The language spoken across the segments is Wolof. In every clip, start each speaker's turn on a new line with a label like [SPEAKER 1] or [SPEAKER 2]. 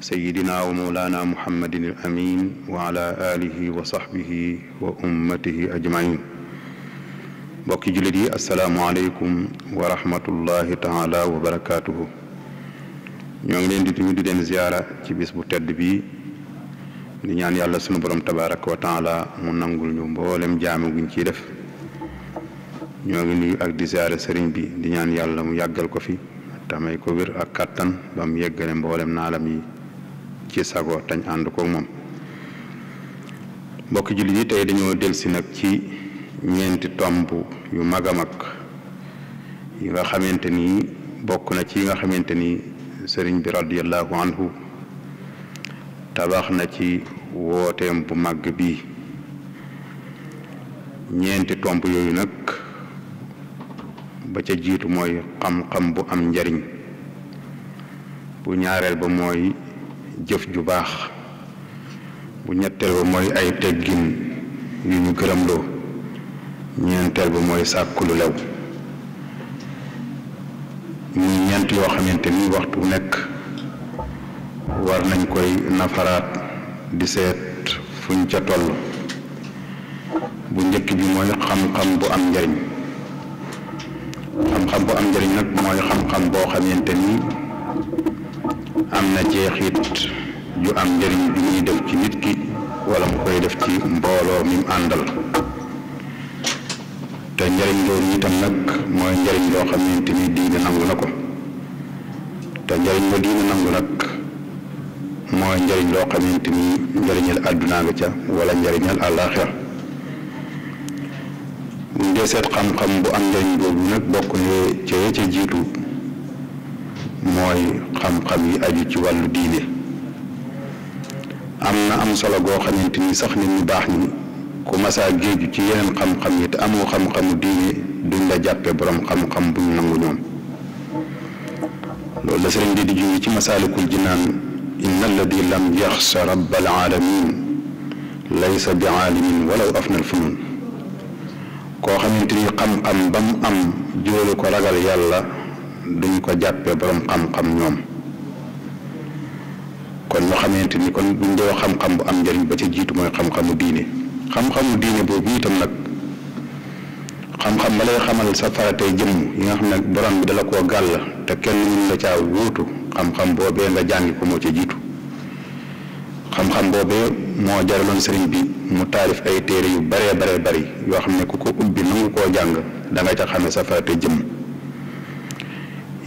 [SPEAKER 1] sayidina wa mawlana muhammadin al amin wa ala alihi wa sahbihi wa ummatihi ajmain mbokki jullit yi asalaamualeykum wa rahmatullahi taala wa barakaatuhu ñoo ngi leen di nuyu di leen ziyaara ci bis bu tedd bi di ñaan yàlla sunu borom tabaraka wa taala mu nangul ñu mboolem jaamu guñ ciy def ñoo ngi nuyu ak di ziyaara sëriñ bi di ñaan yàlla mu yàggal ko fi tamay ko wér ak kàttan ba mu yeggale mboolem naalam yi ci sago tañ ànd kook moom mbokki jullit yi tey dañoo delsi nag ci ñeenti tomb yu mag a mag yi nga xamante ni bokk na ci yi nga xamante ni sëriñ bi radiallahu anhu tabax na ci wooteem bu màgg bii ñeenti tomb yooyu nag ba ca jiitu mooy xam-xam bu am njariñ bu ñaareel ba mooy jëf ju baax bu ñetteel ba mooy ay teggin yu ñu gërëmloo ñeenteel ba mooy sàkku lu lew muy ñeent yoo xamante ni waxtu wu nekk war nañ koy nafaraat di seet fuñ ca toll bu njëkk bi mooy xam-xam bu am njariñ xam-xam bu am njariñ nag mooy xam-xam boo xamante ni am na jeexit ju am njëriñ ju muy def ci nit ki wala mu koy def ci mbooloo mi mu àndal te njëriñ loolu itam nag mooy njëriñ loo xamante ni diine nangu ko te njëriñ la loo xamante ni ca wala njëriñal àllaaxira bu ñu dee seet xam-xam bu am njëriñ boobu nag bokk ne ca ca jiitu mooy xam-xam yi aju ci wàllu diine am na am solo goo xamante ni sax nit ñu baax ni ku masaa géeju ci yeneen xam-xam yi te amoo xam-xamu diine duñ la jàppe boroom xam-xam buñ nangu ñoom loolu la sëriñ bi di jungi ci masaalikul jinaan inna alladi lam yaxsa rabbal alamin laysa bi aalimin walaw af nal funun koo xamante ni xam-xam ba mu am jóolu ko ragal yàlla duñ ko jàppee borom xam-xam ñoom kon ñu xamante ni kon buñ dee xam-xam bu am njëriñ ba ca jiitu mooy xam-xamu diine xam-xamu diine boobu itam nag xam-xam ba lay xamal sa faratee jëmm yi nga xam ne borom bi dala koo gàll te kenn mën la caa wuutu xam-xam boobee nga jàngi ko moo ca jiitu xam-xam boobee moo jaraloon sëriñ bi mu taalif ay téere yu baree baree bari yoo xam ne ku ko ubbi nangu koo jàng da nga ca xamee sa farate jëmm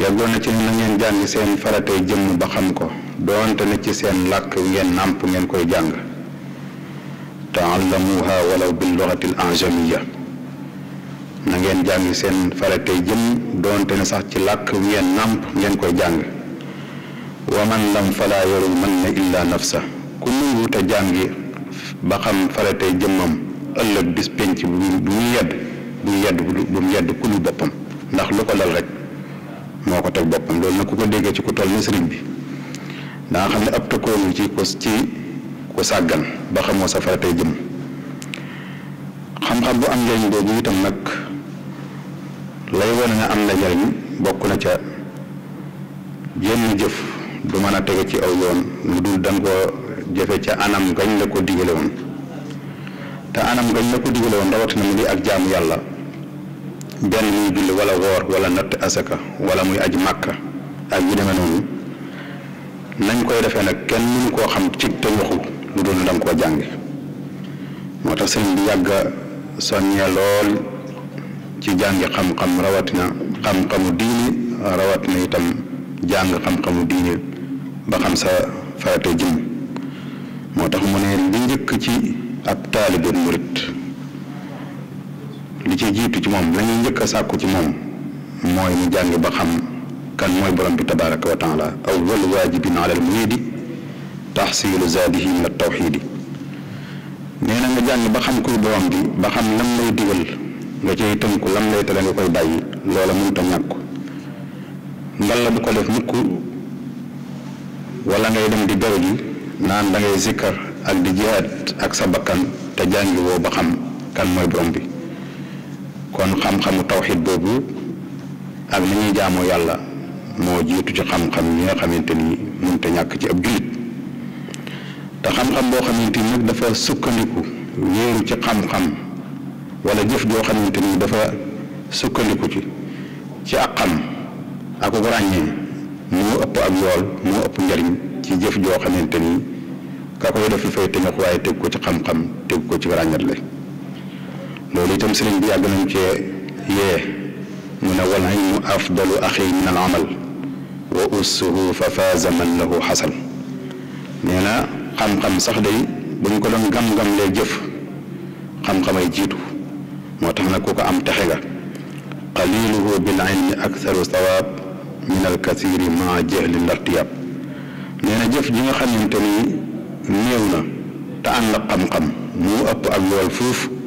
[SPEAKER 1] yeggoon na ci na ngeen jàng seen faratay jëmm ba xam ko doonte ne ci seen làkk ngeen nàmp ngeen koy jàng taallamuha walaw bil lughati al ajamiyya na ngeen jàng seen faratay jëmm doonte ne sax ci làkk ngeen nàmp ngeen koy jàng wa man lam falaa yarumanna illa nafsa ku nanguwut a jàngi ba xam faratay jëmmam ëllëg bis penc bu bu mu yedd bu mu yedd ku lu boppam ndax lu ko dal rek moo ko teg boppam loolu na ku ko déggee ci ku toll ni sëriñ bi daa xam ne ab tëkkooyu ci ko ci ku sàggan ba xamoo sa tey jëm xam-xam bu am njariñ boobu itam nag lay wane ne am na njariñ bokk na ca jenn jëf du mën a tege ci aw yoon lu dul danga ko jëfe ca anam gañ la ko digale woon te anam gañ la ko digale woon rawatina mu di ak jaamu yàlla benn muy julli wala woor wala natt asaka wala muy aj màkka ak yu deme noonu nañ koy defee nag kenn mënu koo xam ci te waxu lu dul da nga koo jànge moo tax sëriñ bi yàgg a soññee lool ci jàngi xam-xam rawatina xam-xamu diini rawatina itam jàng xam-xamu diini ba xam sa farate jëm moo tax mu ne li njëkk ci ab taalibe murit li ci jiitu ci moom la ñuy njëkk a sàkku ci moom mooy mu jàng ba xam kan mooy borom bi tabaraka wa taala awwal waajibin alal muriidi taxsilu zaadihi min at tawxiidi ba xam kuy borom bi ba xam lam lay digal nga cay tënku lam lay tere koy bàyyi loola mënut a ñàkk ngalla bu ko def mukk wala ngay dem di gaw naan da ngay zikkar ak di jihaat ak sa bakkan te jàngi ba xam kan mooy borom bi kon xam-xamu tawxid boobu ak li ñuy jaamoo yàlla moo jiitu ci xam-xam yi nga xamante ni te ñàkk ci ab jullit te xam-xam boo xamante ni dafa sukkandiku wéeru ci xam-xam jëf joo xamante ni dafa sukkandiku ci ci ak xam ak ko ràññee moo ëpp ak yool moo ëpp njariñ ci jëf joo xamante ni ka koy def fi fay tënk waaye teg ko ci xam-xam teg ko ci ràññat lay loolu itam sëriñ bi yàgg nañ cee yee mu ne wal ilmu afdalu axi min al amal wa ussuhu fa faaza man lahu xasal nee xam-xam sax day bu ñu ko doon gam-gam lee jëf xam-xamay jiitu moo tax nag ku ko am texe ga qaliluhu bil ilmi aktharu sawaab min al kathiri jëf ji nga xamante ni néew na te ànd ak xam-xam mu ëpp ak lool fuuf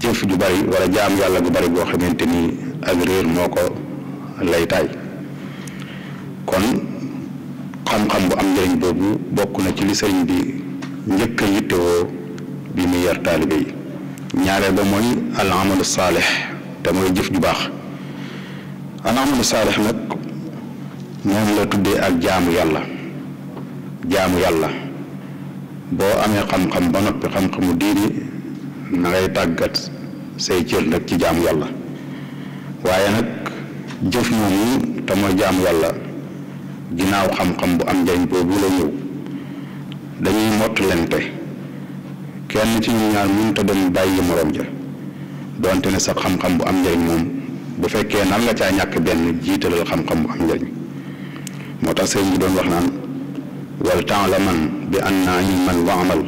[SPEAKER 1] jëf ju bari wala jaam yàlla bu bari boo xamante ni ak réer moo ko lay taay kon xam-xam bu am njëriñ boobu bokk na ci li sëriñ bi njëkk a yittewoo bi muy yar taalibe yi ñaareel ba mooy al amalu saalix te mooy jëf ju baax al amalu saalix nag moom la tuddee ak jaamu yàlla jaamu yàlla boo amee xam-xam ba noppi xam-xamu diini na ngay tàggat say cër nag ci jaam yàlla waaye nag jëf moomu te mooy jaam yàlla ginnaaw xam-xam bu am njariñ boobu la ñëw dañuy mottalante kenn ci ñu ñaar mun te dem bàyyi morom ja donte ne sa xam-xam bu am njariñ moom bu fekkee nan nga caa ñàkk benn jiitalal xam-xam bu am njariñ moo tax sëriñ bi doon wax naan wal taalaman bi annaa ilman wa amal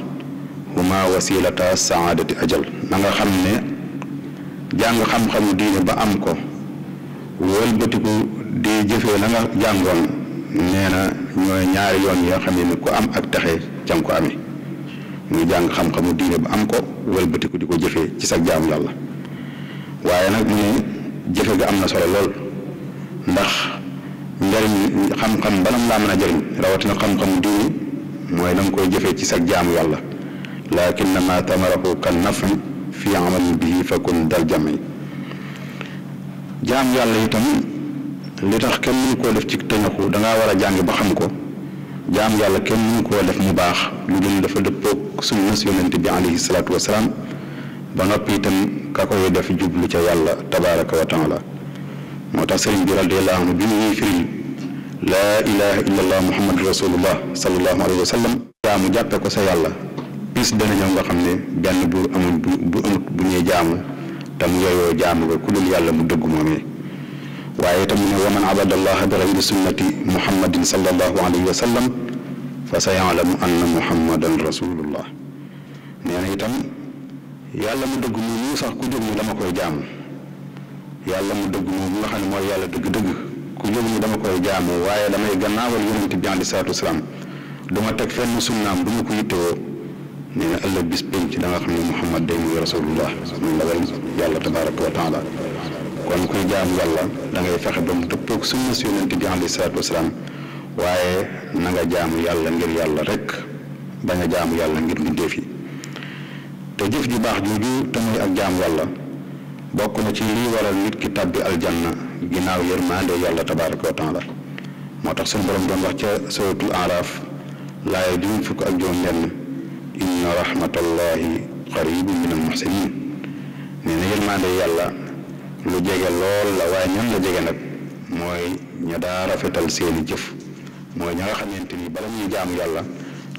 [SPEAKER 1] wa ma wasilata saadati ajal na nga xam ne jàng xam-xamu diine ba am ko wëlbatiku di jëfe la nga jàngoon nee na ñooy ñaari yoon yi nga xam ne ni ko am ak taxe ca ko amee muy jàng xam-xamu diine ba am ko wëlbatiku di ko jëfee ci sag jaamu yàlla waaye nag mu ne jëfe ga am na solo lool ndax njariñ xam-xam banam laa mën a jariñ rawatina xam-xamu diine mooy na koy jëfee ci sa jaamu yàlla lakinnama tamarahu kan nafi fi amalin bihi fakun dal jami jaam yàlla itam li tax kenn mënu koo def ci tëñaxu dangaa war a jàng ba xam ko jaam yàlla kenn mënu koo def mu baax lu dul dafa dëppoog sunna si yonente bi alayhi salaatu wasalaam ba noppi itam ka def jublu ca yàlla tabaraka wa taala tax sëriñ bi radiallahu anhu bi ñuy firil laa ilaha illa allah muhammadu rasulullah sallallahu jàppe ko sa yàlla bis dana ñëw nga xam ne benn bu amul bu bu amut bu ñuy jaamu te mu yeyoo jaamu nga ku dul yàlla mu dëgg moomee waaye itam mu ne wa man abadallaha bi gayri sunnati muhammadin sallallahu alayhi wa sallam fa sa yaalamu anna muhammadan rasulullah nee na itam yàlla mu dëgg moom mu sax mu dëgg moom nga xam ne mooy yàlla dëgg-dëgg ku jóg ni dama koy jaamu waaye damay gannaawal yonente bi alayhi salaatu wasalaam du ma teg fenn sunnaam du ma ko nee ëllëg bis penc da nga xam ne Muhammad day muy rasulullah moom la wal yàlla tabaraka wa kon kuy jaam yàlla dangay fexe ba mu dëppoog sunna si yonente bi alayhi salaatu wasalaam waaye na nga jaamu yàlla ngir yàlla rek ba nga yàlla ngir mbindéef yi te jëf ju baax jooju te muy ak jaamu yàlla bokk na nit ki tàbbi aljanna ginnaaw yërmande yàlla tabaraka wa taala moo tax seen borom doon wax ca suratul araaf laaya juróom fukk ak juróom benn inna rahmatallahi qaribun min almuhsinin nee na yërmande yàlla lu jege lool la waaye ñan la jege nag mooy ña daa rafetal seeni jëf mooy ña nga xamante ni bala ñuy jaamu yàlla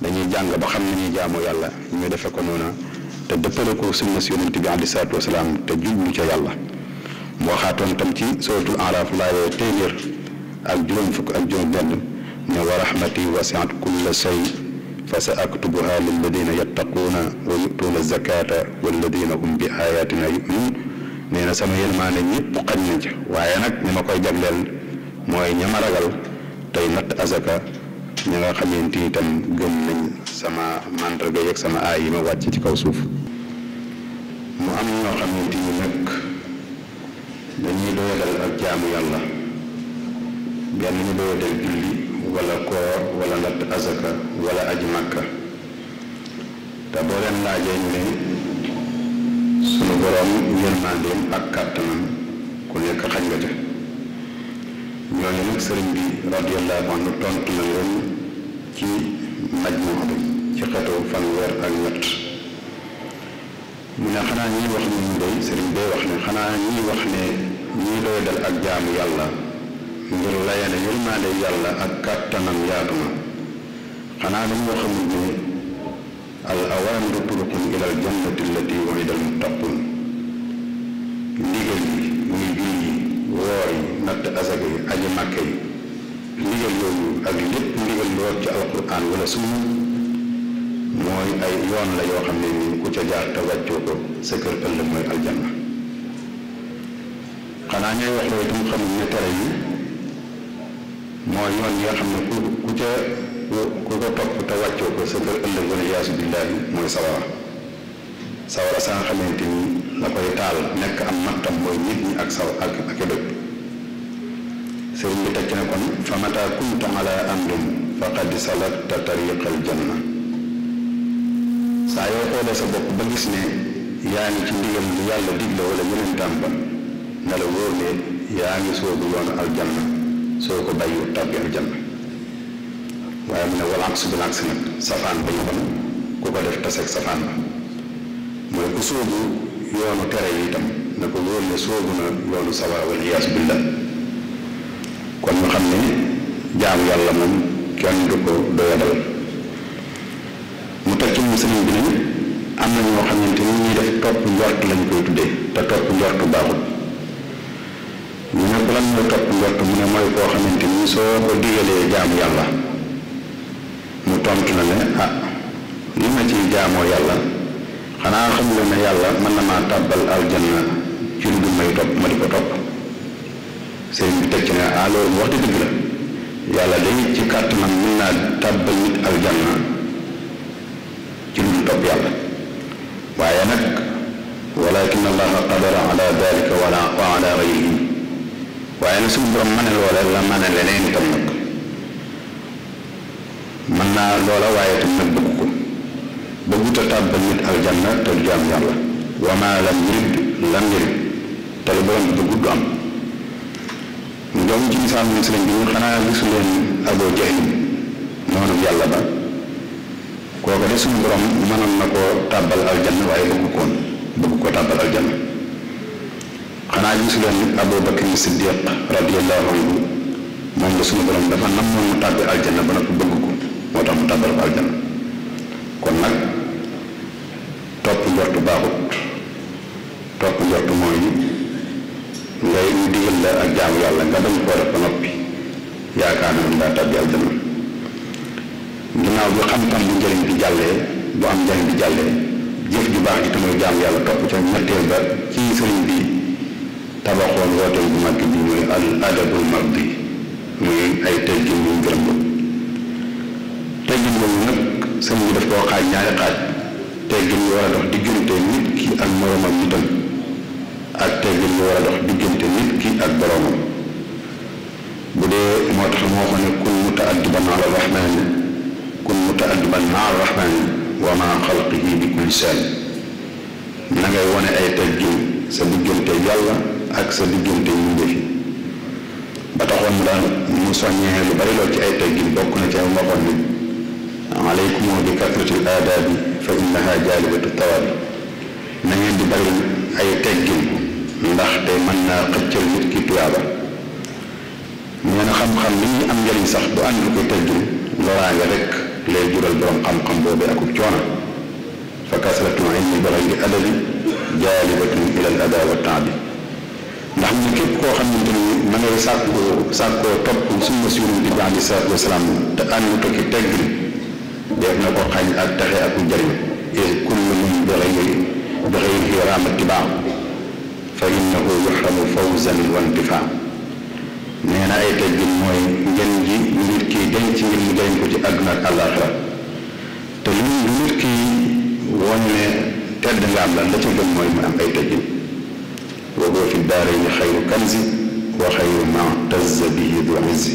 [SPEAKER 1] dañuy jàng ba xam ne ñuy jaamu yàlla ñu defe ko noona te dëppale ko si yonent bi aleyhi salaatu wasalaam te jublu ca yàlla mu waxaatoon tam ci suratul araf laayoo téeméer ak juróom fukk ak juróom benn ne wa rahmati wasiat kulla fa sa aktubuha lilladina yattaquuna wa yutuuna zakata walladina hum bi ayatina yuminuun nee na sama yërmaande ñëpp xaj na ci waaye nag ñi ma koy jagleel mooy ña ma ragal tey natt asaka ña nga xamante ni itam gëm nañ sama mandarga yeeg sama aay yi ma wàcc ci kaw suuf mu am ñoo xamante nag dañuy doyadal ak jaamu yàlla benn ñu doyadal julli wala koor wala natt azaka wala aj màkka te boo leen laajee ñu ne sunu borom yërmandeem ak kàttanam ku nekk xañ nga te ñooñu nag sëriñ bi radiyallahu anhu tontu na leen ci maj moo bi ci xetu fanweer ak ñett mu ne xanaa ñiy wax ne ñu day sëriñ bay wax ne xanaa ñiy wax ne ñii doy dal ak jaamu yàlla ngir layale yërmaande yàlla ak kàttanam yaatu na xanaa dañoo xamul ne al awaamiru turuqun ilal jannati allati wa'ida al muttaqun ndigal yi muy jur yi woor yi natt asaka yi aji màkke yi ndigal yooyu ak lépp ndigal lu ci alquran wala sunna mooy ay yoon la yoo xam ne nii ku ca jaar te wàccoo ko sa kër ëllëg mooy aljanna xanaa ñooy wax loolu itam xamul ne tere yi mooy yoon yi nga xam ne ku ku ca ku ko topp te wàccoo ko sa kër ëllëg wala yaasu billaahi mooy sawara sawara sa nga xamante ni la koy taal nekk am mattam mooy nit ñi ak saw ak ak doj sëriñ bi teg ci ne kon fa mata kuntu ala amrin faqad salakta tariqal janna saa yoo xoolee sa bopp ba gis ne yaa ngi ci ndigal lu yàlla digle wala yeneen tàmba ne ne yaa ngi soobu yoonu aljanna soo ko bàyyiwut tàbbi aljanna waaye mu ne walaak su bilaak si nag safaan ba ñu bon ku ko def taseeg safaan ba mooy ku sóobu yoonu tere yi itam na ko wóor ne sóobu na yoonu sawara wal iyaas billah kon ñu xam ne jaam yàlla moom kenn du ko doyadal mu teg ci moom sëriñ bi ne am na ñoo xamante ni ñuy def topp njort lañ koy tuddee te topp njort baaxut lan moo topp njort mu ne mooy koo xamante ni soo ko digalee jaamu yàlla mu tontu na ne ah li ma ciy jaamoo yàlla xanaa xamuloo ne yàlla mën na maa tàbbal aljanna ci lu dul may topp ah, wax dëgg la yàlla day ci kàttanam mën naa tàbbal nit aljanna qadara ala dalika wala wa ala gayrihi waaye na suñu borom mane loola la mane leneen itam nag mën naa loola waaye itam nag bëgg ko bëgguta tàbbal nit aljanna te du jaam yàlla wa maa lam yurid lam te lu borom bëggut du am njoom ci misaal moom sëriñ bi ñu xanaa gisu leen aboo jahil noonu yàlla ba kooku de suñu borom mënoon na ko tàbbal aljanna waaye bëgg koon bëgg ko tàbbal aljanna xanaa gis leen Abu Bakr Siddiq radiyallahu anhu moom la suñu borom dafa nam moom tàbbi aljanna ba nag bëgg ko moo tax mu tàbbal ko aljanna kon nag topp njortu ak jaamu yàlla nga bañ koo def ba noppi yaakaar na ne daa tàbbi aljanna ginnaaw xam-xam bu njëriñ bi jàllee bu am njëriñ bi jàllee jëf ju baax ji te mooy jaamu yàlla topp ca ñetteel ba ci sëriñ bi tabaxoon woote bu mag bi muy al adabul mag bi muy ay teggin yu gërëm ko teggin boobu nag sëñ bi daf koo xaaj ñaari xaaj teggin yu war a dox diggante nit ki ak moroomam bu dee moo tax moo ko ne kun mutaaddiban ala rahmaani kun mutaaddiban maa rahmaani wa maa xalqihi bi kulli saan na wone ay teggin sa diggante yàlla ak sa diggante yi mu fi ba taxoon mu daan mu soññee lu bari lool ci ay teggin bokk na ci am waxoon ni alaykum bi kasratil aadaabi fa na ngeen di bari ay teggin ndax te mën naa xëccal nit ki tuyaaba nee na xam-xam li ñu am njëriñ sax bu ànd ko teggin loraange rek lay jural borom xam-xam boobee akub coono fa kasratu ilmi bi ghayri adabi jaalibatun ilal adaa wa taabi xam ne képp koo xamante ni ma ngay sàkku sàkku topp sunna si yonent bi aleyhi te ànd ko ci tegg def na ko xañ ak taxe ak njëriñ na ay teggin mooy ngeen ji nit ki denc ngir mu jëriñ ko ci àdduna ak àllaaxira te lu nit ki woon ne tedd nga am la la gën mooy mu am ay teggin wa huwa fi daarayni xayru kanzi wa xayru ma tazza bihi du izzi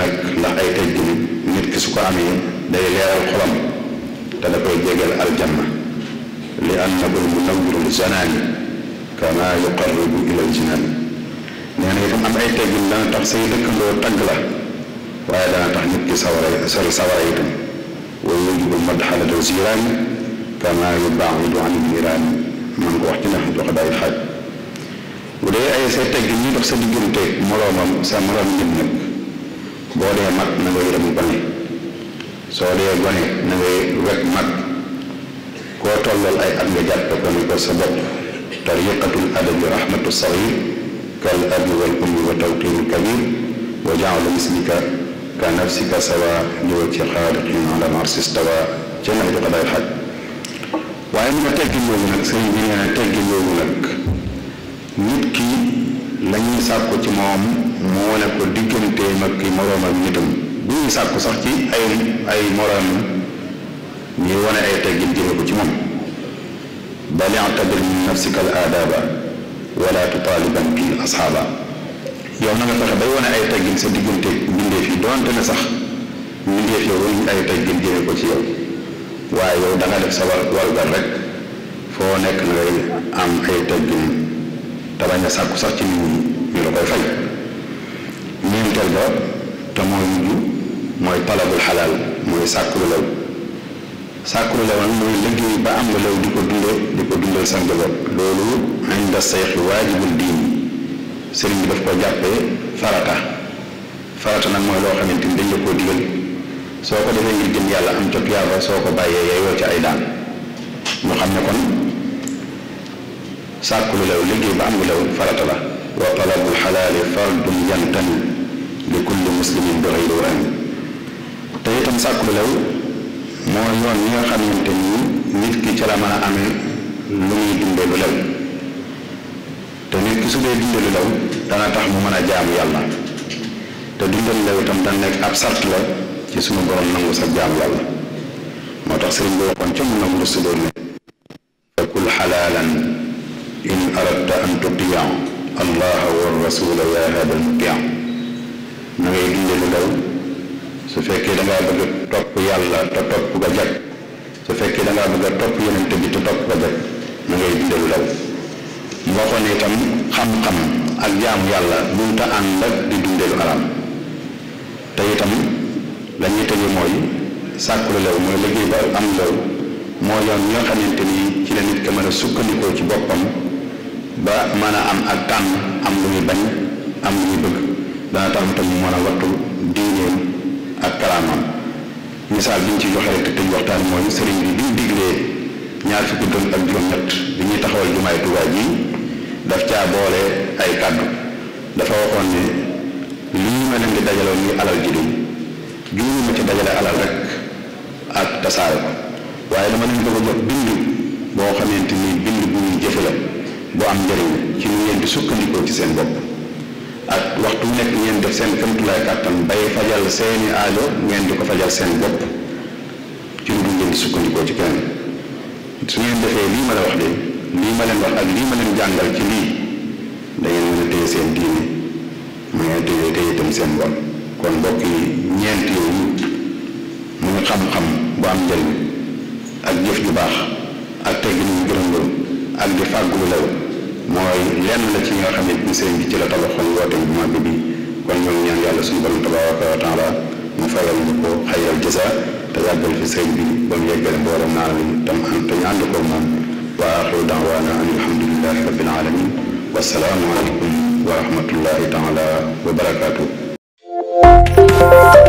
[SPEAKER 1] nag ndax ay tëj gi nit ki su ko amee day leeral xolam te da koy jegeel aljanna li annahu munawwirul janaani kama yuqarribu ilal jinaani nee na itam am ay tëj gi dana tax say dëkkandoo tagg tax nit ki sawara sori sawara itam wa yujibu madxalata ziiraani kama yubaaxidu an niiraani ñu ngi ko wax ci nax jox daay xaaj bu dee ay sa tegg ñi dox sa diggante moroomam sa moroom nit nag boo dee mag na nga yërëm gone soo dee gone na ngay wet mag koo tollal ay at nga jàppe ko ni ko sa bopp tariqatul adabi rahmatu sagir kal abi wal ummi wa tawqiru kabir wa jaalu mislika ka nafsika sawa liwa ci xaaliqin ala marsis tawa ca nax jox daay xaaj waaye mu ne teggin boobu nag sëriñ bi nee na teggin boobu nag nit ki la ñuy sàkku ci moom moo ne ko digganteem ak moroomam nitam bu ñuy sàkku sax ci ay ay moroomam ñuy wane ay teggin jëme ko ci moom bal i'tabir min nafsika al aadaaba wala tutaaliban bi asxaaba yow na nga fexe bay wane ay teggin sa diggante mbindeef yi doonte ne sax mbindeef yow waluñ ay teggin jëme ko ci yow waaye yow da def sa war warugar rek foo nekk na am ay teggin te bañ nga sàkku sax ci nit ñi ñu la koy fay ñeenteel ba te mooy mujj mooy talabul xalaal mooy sàkku lu lew sàkku lu lew nag mooy liggéey ba am lu lew di ko dundee di ko dundal sa njaboot loolu inda seyxi waajibul diin sëriñ bi daf ko jàppee farata farata nag mooy loo xam ni dañ la koo digal soo ko defee ngir jëm yàlla am ca tuyaaba soo ko bàyyee yaayoo ci ay daan ñu xam ne kon sàkku lu lew liggéey ba am lu lew farata la wa talabul xalaali fardun yantami li kulli muslimin bi xëyri wa te itam sàkku lu lew moo yoon yi nga xamante ni ki ca la mën a amee te nit ki su dee dundee lu lew dana tax mu mën a jaamu yàlla te dundal lew itam dana nekk ab sart la ci sunu borom nangu sa jaam yàlla moo tax sëriñ bi waxoon ca mun a mu sudóor ne fakul xalaalan in aradta an tutiya allaha wa rasula yaa hada mutia na ngay dunde lu su fekkee da ngaa bëgg topp yàlla te topp ga jag su fekkee da ngaa bëgg a topp yonente bi te topp ga jag na ngay dunde lu lew mu waxoon xam-xam ak jaamu yàlla mënta ànd di dunde lu aram te la ñuy tëje mooy sàkkulu lew mooy liggéey ba am lew moo yoon ñoo xamante ni ci la nit ka mën a sukkandikoo ci boppam ba mën a am ak tànn am lu muy bañ am lu muy bëgg dana tax mu tam mu mën a wattu diineem ak karaamam misaal bi ñu ci joxe rek tëj waxtaan mooy sëriñ bi bi ñu ñaar fukki dërëm ak juróom-ñett bi ñuy taxawal jumaay Tuubaa ji daf caa boole ay kàddu dafa waxoon ne li ñu ma leen dajaloo nii alal ji duñ juróomi ma ci dajale alal rek ak tasaare ko waaye dama leen bëgg a jox bind boo xamante ni bind bu ñuy jëfe la bu am njëriñ ci nu ngeen di sukkandikoo ci seen bopp ak waxtu nekk ngeen def seen këmtulaay kàttan bay fajal seeni aajo ngeen di ko fajal seen bopp sukkandikoo ci kenn su defee lii ma la wax de ma leen wax ak lii ma ci lii da ngeen mën a téye seen diine ma ngeen téye téye itam seen bopp kon mbokk yi ñeent yooyu muy xam-xam bu am njëriñ ak jëf ju baax ak teggin ñu gërëm ak di fàggu lu mooy lenn la ci nga xam ne bi sëriñ bi ci la tabaxoon woote bu mag bi kon ñoo ngi yàlla suñu borom wa taala mu fayal ñu ko xayral jasa te yàggal fi sëriñ bi ba mu yeggale mboolem naa li tam am te ñu ànd ko moom wa axiru daawaana an alhamdulilahi rabbil alamin wasalaamu aleykum wa rahmatullahi taala wa barakaatuh thank you